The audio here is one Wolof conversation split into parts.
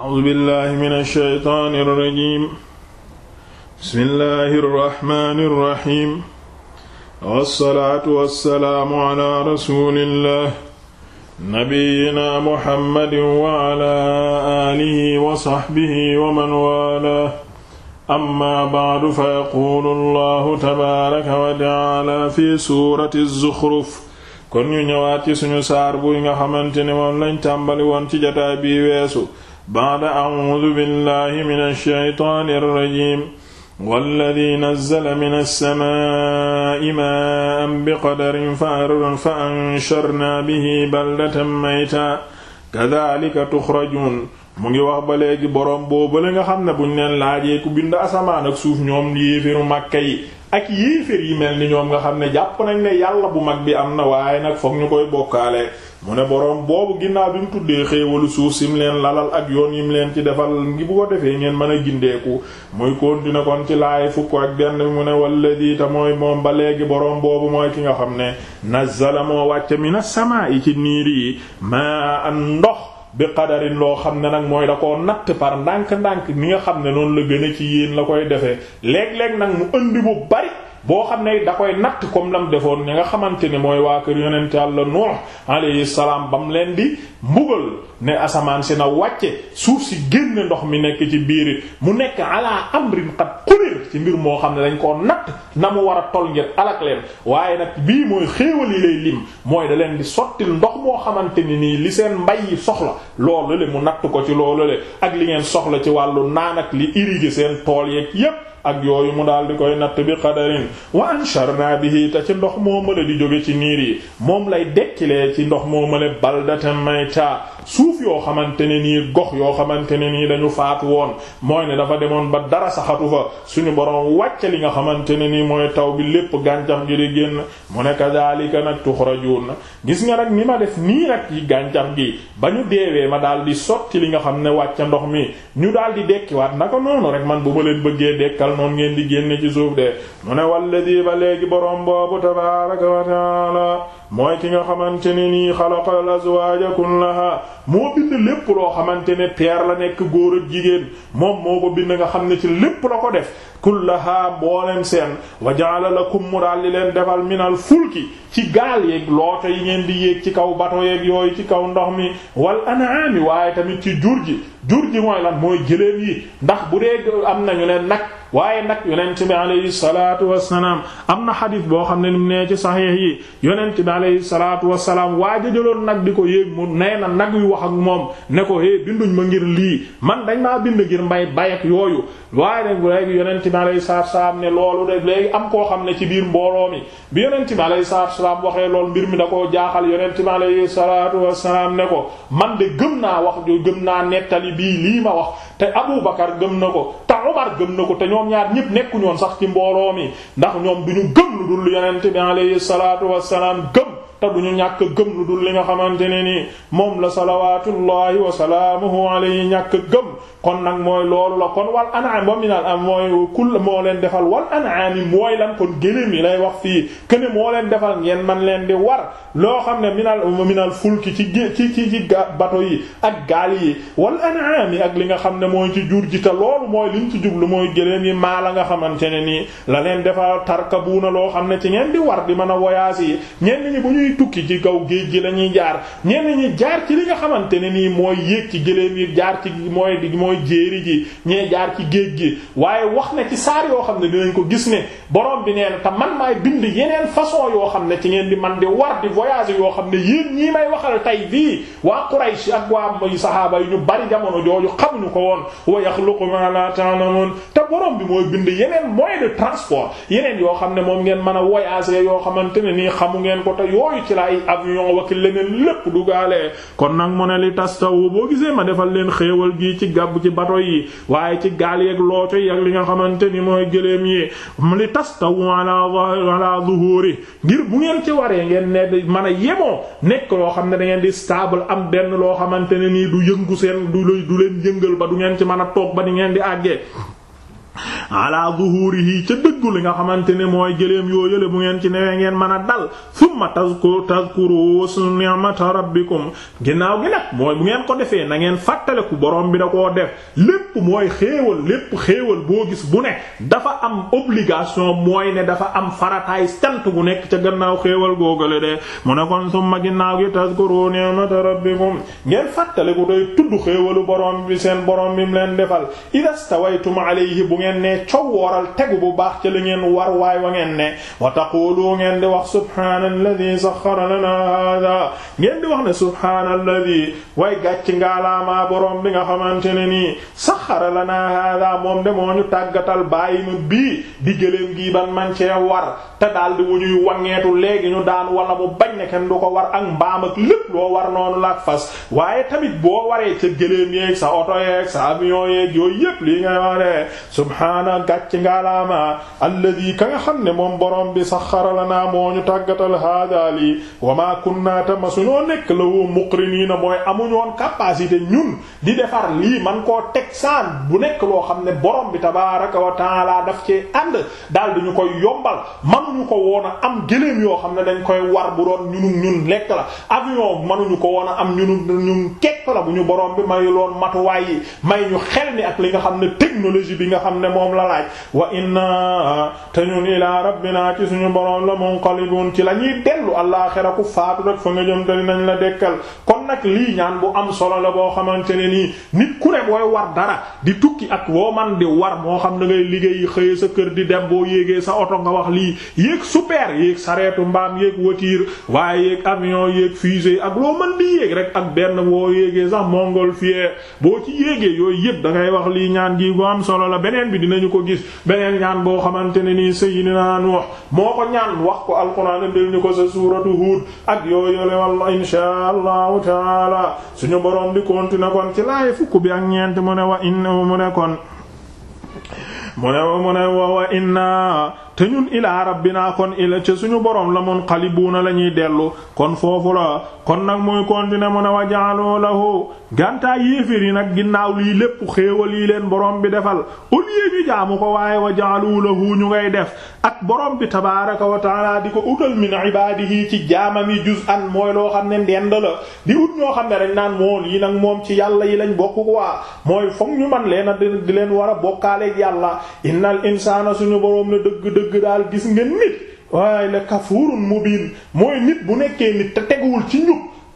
أعوذ بالله من الشيطان الرجيم بسم الله الرحمن الرحيم والصلاة والسلام على رسول الله نبينا محمد وعلى آله وصحبه ومن والاه أما بعد فيقول الله تبارك وتعالى في سورة الزخرف kon ñu ñëwaat ci suñu saar bu nga xamante ne moom lañ tàmbali woon ci jotaay bi weesu ba'da a'uudu billahi mina shaytaani rajiim walladi nazzala mina samaa'i maa'an biqadarin fa ansharnaa bihi baldatan maytan kadhalika tuxrajuun mu ngi wax ba léegi boroom boobu la nga xam ne buñ leen laajee ku bind asamaan ak suuf ñoom yéefiru Màkka yi ak yéefér yi mel ni ñoom nga xam ne jàpp nañ ne yàlla bu mag bi am na waaye nag foog ñu koy bokkaale mu ne boroom boobu ginnaaw bi mu tuddee xéewalu suuf si mu leen lalal ak yoon mu leen ci defal ngi bu ko defee ngeen mën a gindeeku muy na kon ci laay fukk ak benn mu ne walladi ta mooy moom ba léegi boroom boobu mooy ki nga xam ne nazzala moo wàcce mina samaa yi ci niir yi ma an ndox bi qadarin loo xam ne nag mooy da koo natt par ndànk-ndànk mi nga xam ne noonu la gën a ci yéen la koy defee léeg-léeg nag mu indi bu bari boo xam ne da koy natt comme lam defoon ñi nga xamante ne mooy waa kër yonent Yàlla Nuux alayhi salaam mu leen di mbugal ne asamaan si na wàcce suuf si génn ndox mi nekk ci biir mu nekk ala amrin qad qudir ci mbir moo xam ne dañ koo natt na mu war a tol ngir alak leen waaye nag bii mooy xéewal yi lay lim mooy da leen di sottil ndox moo xamante ni nii li seen mbay yi soxla loolu le mu natt ko ci loolu le ak li ngeen soxla ci wàllu naan ak li seen tool yeeg yépp ak yooyu mu daal di koy natt bi qadarin wa ansharna bihi ta ci ndox moo mala di jóge ci niir yi moom lay dekkilee ci ndox moo male baldatan mayta suuf yoo xamante ne nii gox yoo xamante ne nii dañu faatu woon mooy ne dafa demoon ba dara saxatu fa suñu borom wàcce li nga xamante ne nii mooy taw bi lépp gàncax gi di génn mu ne kadhalika nag na gis nga nag ni ma def nii nag ci gàncax gi ba ñu deewee ma daal di sotti li nga xam ne wàcce ndox mi ñu daal di dekkiwaat naka noonu rek man bu ma leen bëggee dekkal noonu ngeen di génne ci suuf de mu ne walladi ba léegi borom boobu tabaaraka wa mooy ki nga xamante ni nii xalaqal azwaaja kullaha moo bind lépp loo xamante ne peer la nekk góor ak jigéen moom moo ko bind nga xam ne ci lépp la ko def kullaha mbooleem seen wa ja'ala lakum mu daal di leen defal minal fulki ci gaal yeeg looto yi ngeen di yéeg ci kaw bato yeeg yooyu ci kaw ndox mi wal an'aami waaye tamit ci jur gi jur ji mooy lan mooy gëléem yi ndax bu dee am nañu ne nag waaye nag yonent bi alayhi salaatu wassalaam am na xadis boo xam ne ni mu nee ci saxiix yi yonent bi alayhi salaatu wassalaam waaja jëloon nag di ko yéeg mu nee na nag yu wax ak moom ne ko hé ma ngir lii man dañ maa bind ngir mbay bayak yooyu waaye nag léegi yonent bi alayhi salaatu wassalaam ne loolu de am koo xam ne ci biir mbooloo bi yonent bi alayhi salaatu wassalaam waxee loolu mbir mi da koo jaaxal yonent bi alayhi salaatu wassalaam ne ko man de gëm naa wax gëm naa nettali bii lii ma wax te Abu Bakar gëm na ko ta Umar gëm na ko te ñoom ñaar ñëpp nekku ñoon sax ci mbooloo mi ndax ñoom du ñu gëm lu dul yonent bi alayhi salaatu wassalaam gëm te duñu ñàkk gëm lu dul li nga xamante ne ni moom la salawatullahi wa salaamuhu alayhi ñàkk gëm kon nag mooy loolu la kon wal an'am wa minal am mooy kul moo leen defal wal an'am mooy lan kon gëléem yi lay wax fii kene moo leen defal ngeen man leen di war loo xam ne minal minal fulki ci ci ci ga bato yi ak gaal yi wal an'am yi ak li nga xam ne mooy ci jur ji te loolu mooy liñ ci jublu mooy gëléem yi maa la nga xamante ne nii la leen defal tarkabuuna loo xam ne ci ngeen war di mën a voyage yi ñuy tukki ci kaw géej gi la ñuy jaar ñenn ñi jaar ci li nga xamante ne nii mooy yéeg ci gëléem yi jaar ci mooy mooy jéeri ji ñee jaar ci géej gi waaye wax na ci saar yoo xam ne dinañ ko gis ne borom bi nee na te man maay bind yeneen façon yoo xam ne ci ngeen di man di war di voyager yoo xam ne yéen ñii may waxal tey fii waa Quraysh ak waa muy saxaaba yi ñu bari jamono jooju xamuñu ko woon wa yaxluqu ma la ta'lamun te borom bi mooy bind yeneen moyen de transport yeneen yoo xam ne moom ngeen mën a voyager yoo xamante ne nii xamu ngeen ko te yooyu ci laay avion waki leneen lépp dugaale kon nag mu ne li tastawu boo gisee ma defal leen xéewal gi ci gàbb ci bato yi waaye ci gaal yeeg looco yi ak li nga xamante ni mooy gëléem yi tastawu ala ala zuhuri ngir bu ngeen ci waree ngeen ne man a yemoo nekk loo xam ne dangeen di stable am benn loo xamante ne nii du yëngu seen du du leen yëngal ba du ngeen ci mën a toog ba du ngeen di àggee ala zuhurihi ca dëggu li nga xamante ne mooy gëléem yoo yële bu ngeen ci newee ngeen mën a dal summa tazkuru tazkuru ni'mata rabbikum ginnaaw gi nag mooy bu ngeen ko defee na ngeen fàttaleku borom bi da koo def lépp mooy xéewal lépp xéewal boo gis bu nekk dafa am obligation mooy ne dafa am farataay sant gu nekk ca gannaaw xéewal googale de mu ne kon summa ginnaaw gi tazkuru ni'mata rabbikum ngeen fàttaleku day tudd xéewalu borom bi seen borom bi leen defal ngeen ne coow wooral bu baax ci li ngeen war waay wa ngeen ne wa taqulu ngeen di wax subhaanalladhi saxxara lanaa haadaa ngeen di wax ne subhaanalladhi way gàcc ngaalaamaa borom bi nga xamante ne nii saxxara lanaa moom de moo ñu tàggatal bàyyi nu bii di gëléem gi ban man cee war te daal di wuñuy wangeetu léegi ñu daan wala mu bañ ne kenn du ko war ak mbaam ak lépp loo war noonu la fas waaye tamit boo waree ca gëléem yeeg sa oto yeeg sa avion yeeg yooyu yépp lii nga wax subhaana gàcc ngaalaama alladi ka nga xam ne moom boroom bi saxara lanaa moo ñu tàggatal haadaal yi wa maa kunnaa tamasuñoo nekk la woo muqriniina mooy amuñoon capacité ñun di defar lii man koo teg saan bu nekk loo xam ne borom bi tabaaraka wa taala daf ci koy yombal manuñu ko woon am gëléem yoo xam ne dañ koy war bu doon ñunum ñun lekk la avion manuñu ko woon am ñunum ñun kekk la bu ñu boroom bi mayu loon matuwaay yi may ñu xel ni ak li nga xam ne technologie bi nga xam ne moom la laaj wa inna te ñun ilaa rabbina ci suñu borom la munqalibun ci la ñuy dellu àllaaxira ku faatu rek fa nga jëm te la dekkal kon nag lii ñaan bu am solo la boo xamante ne nii nit ku ne booy war dara di tukki ak woo man di war moo xam na ngay liggéey xëye sa kër di dem boo yéegee sa oto nga wax lii yéeg super yéeg sareetu mbaam yéeg voiture waaye yéeg avion yéeg fusée ak loo mën di yéeg rek ak benn boo yéegee sax montgolfier boo ci yéegee yooyu yëpp da ngay wax lii ñaan gi bu am solo la beneen bi dinañu ko gis beneen ñaan boo xamante ne nii sayyidina Nuh moo ko ñaan wax ko alxuraan ko sa suuratu ak taala suñu boroom di continuer kon ci laay fukk bi ak ñeent mu ne wa in mu ne kon mu ne mu ne wa inna te ñun ilaa rabbinaa kon ila ca suñu boroom la munqalibuuna la ñuy dellu kon foofu la kon nag muy continuer mu ne wa ja'alu lahu gàntaay yéeféer yi nag ginnaaw lii lépp xéewal yi leen borom bi defal au lieu jaamu ko waaye wa jaalu lahu ñu ngay def ak borom bi tabaaraka wa di ko utal min ibaadihi ci jaamam yi juz'an mooy loo xam ne ndend la di ut ñoo xam ne dañ naan moom yi nag moom ci yàlla yi lañ bokk quoi mooy foog ñu man leen a di leen war a yàlla innal insaana suñu borom ne dëgg-dëgg daal gis ngeen nit waaye la kafuurun mubiin mooy nit bu nekkee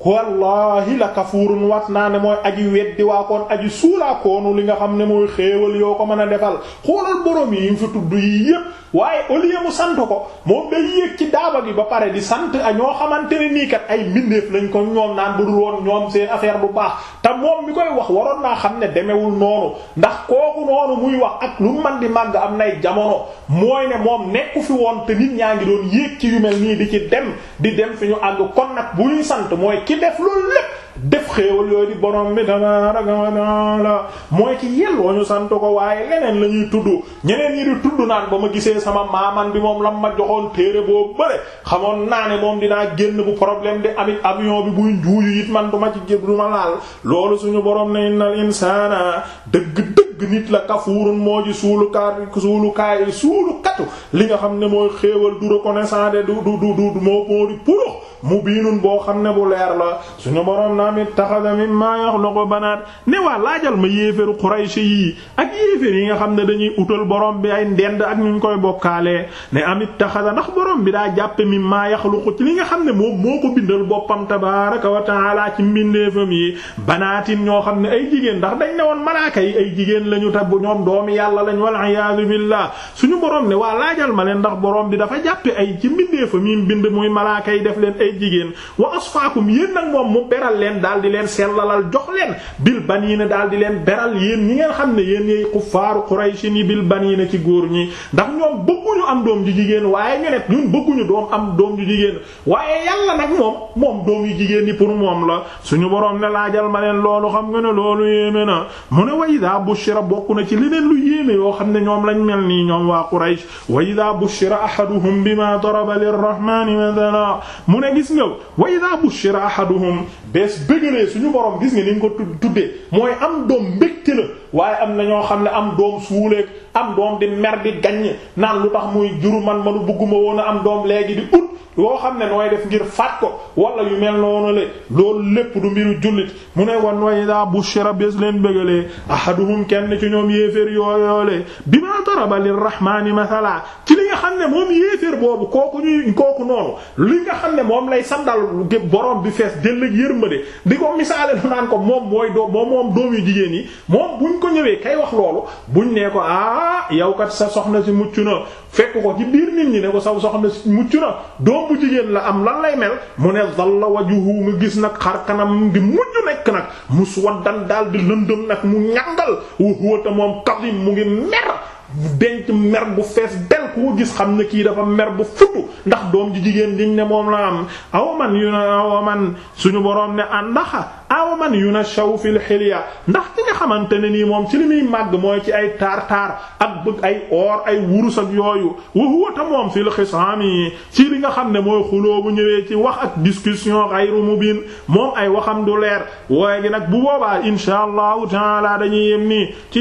wallahi la kafuurun wat naa ne mooy aji weddi waa koon aji suulaakoonu li nga xam ne mooy xéewal yoo ko mën a defal xoolal borom yi ñu fi tudd yii yépp waaye au lieu sant ko moom day yéeg ci daaba gi ba pare di sant a ñoo xamante ne nii kat ay mbindeef lañ ko ñoom naan bu dul woon ñoom seen affaire bu baax te moom mi koy wax waroon naa xam ne demewul noonu ndax kooku noonu muy wax ak lu man di màgg am nay jamono mooy ne moom nekku fi woon te nit ñaa ngi doon ci yu mel nii di ci dem di dem fi ñu àgg nag bu ñuy sant mooy ki def loolu lépp def xéewal yooyu di borom bi tabaaraka wa taala mooy ki yelloo ñu sant ko waaye leneen la ñuy tudd ñeneen ñi di tudd naan ba ma gisee sama maaman bi moom lam ma joxoon téere boo bëre xamoon naa ne moom dinaa génn bu problème di amit avion bi buy njuuyu it man du ma ci jëb du ma laal loolu suñu borom ne innal insaana dëgg-dëgg nit la kafuurun moo ji suulu kaar suulu kaay suulu katu li nga xam ne mooy xéewal du reconnaissant de du du du du moo moo di purux mu mubiinun boo xam ne bu leer la suñu boroom naam ittaxada mimma yaxluqu banaat ne waa laajal ma yéeféru Quraysh yi ak yi nga xam ne dañuy utal borom bi ay ndend ak ñu koy bokkaalee ne am ittaxada ndax borom bi daa jàppe mimma yaxluqu ci li nga xam ne moom moo ko bindal boppam tabaaraka wa ta'aala ci mbindeefam yi banaatin ñoo xam ne ay jigéen ndax dañ ne woon malaaka yi ay jigéen lañu tab ñoom doomi yàlla lañ wal iyaadu billah suñu boroom ne waa laajal ma leen ndax borom bi dafa jàppe ay ci mbindeefam yi bind muy malaaka yi def leen jigéen wa asfaakum yéen nag moom mu beral leen daal di leen sellalal jox leen bil baniina daal di leen beral yéen ñi ngeen xam ne yéen yey kuffaaru Qurayshi ni bil baniina ci góor ñi ndax ñoom bëgguñu am doom ju jigéen waaye ñu ne ñun bëgguñu doom am doom ju jigéen waaye yàlla nag moom moom doom yu jigéen ñi pour moom la suñu boroom ne laajal ma leen loolu xam nga ne loolu yéeme na mu ne wa idaa bushira bokk na ci leneen lu yéeme yoo xam ne ñoom lañ mel nii ñoom wa idaa bushira gis nga wa idha bushira ahaduhum bees bëggalee suñu borom gis nga ni nga ko tuddee mooy am doom mbégte la waaye am na ñoo xam ne am doom suuleeg am doom di mer di gaññ naan lu tax muy juru man manu bugguma woon a am doom léegi di ut loo xam ne nooy def ngir faat ko wala yu mel noonu le loolu lépp du mbiru jullit mu ne wan way daa bushira bés leen bëggalee ahaduhum ñoom yéeféer yooyoolee bi ma daraba lirrahmani ci li nga xam ne moom yéeféer boobu kooku ñuy kooku noonu li nga xam ne moom lay sandal borom bi fees dell ak yërmande di ko misaale naan ko moom mooy doom moom moom doom yu jigéen yi moom buñ ko ñëwee kay wax loolu buñ ah yow kat sa soxna si mucc na fekk ko ci biir nit ñi ne ko sa soxna si mucc na doom bu jigéen la am lan lay mel mu ne zalla wajuhu nga gis nag xar kanam di mujj nekk nag muswaddan daal di lëndëm nag mu ñangal wa huwa moom kadim mu ngi mer denc mer bu fees del ku gis xam ne kii dafa mer bu futu ndax doom ji jigéen diñ ne moom la am awaman yu na awaman suñu boroom ne àndaxa awaman yu na shaw fil xilya ndax ki nga xamante ne nii moom ci li muy màgg mooy ci ay taar-taar ak bëgg ay or ay wurus ak yooyu wa huwa ta moom fil xisaami ci li nga xam ne mooy xuloo bu ñëwee ci wax ak discussion ghayru mubin moom ay waxam du leer waaye gi nag bu boobaa insha allahu taala dañuy yem nii ci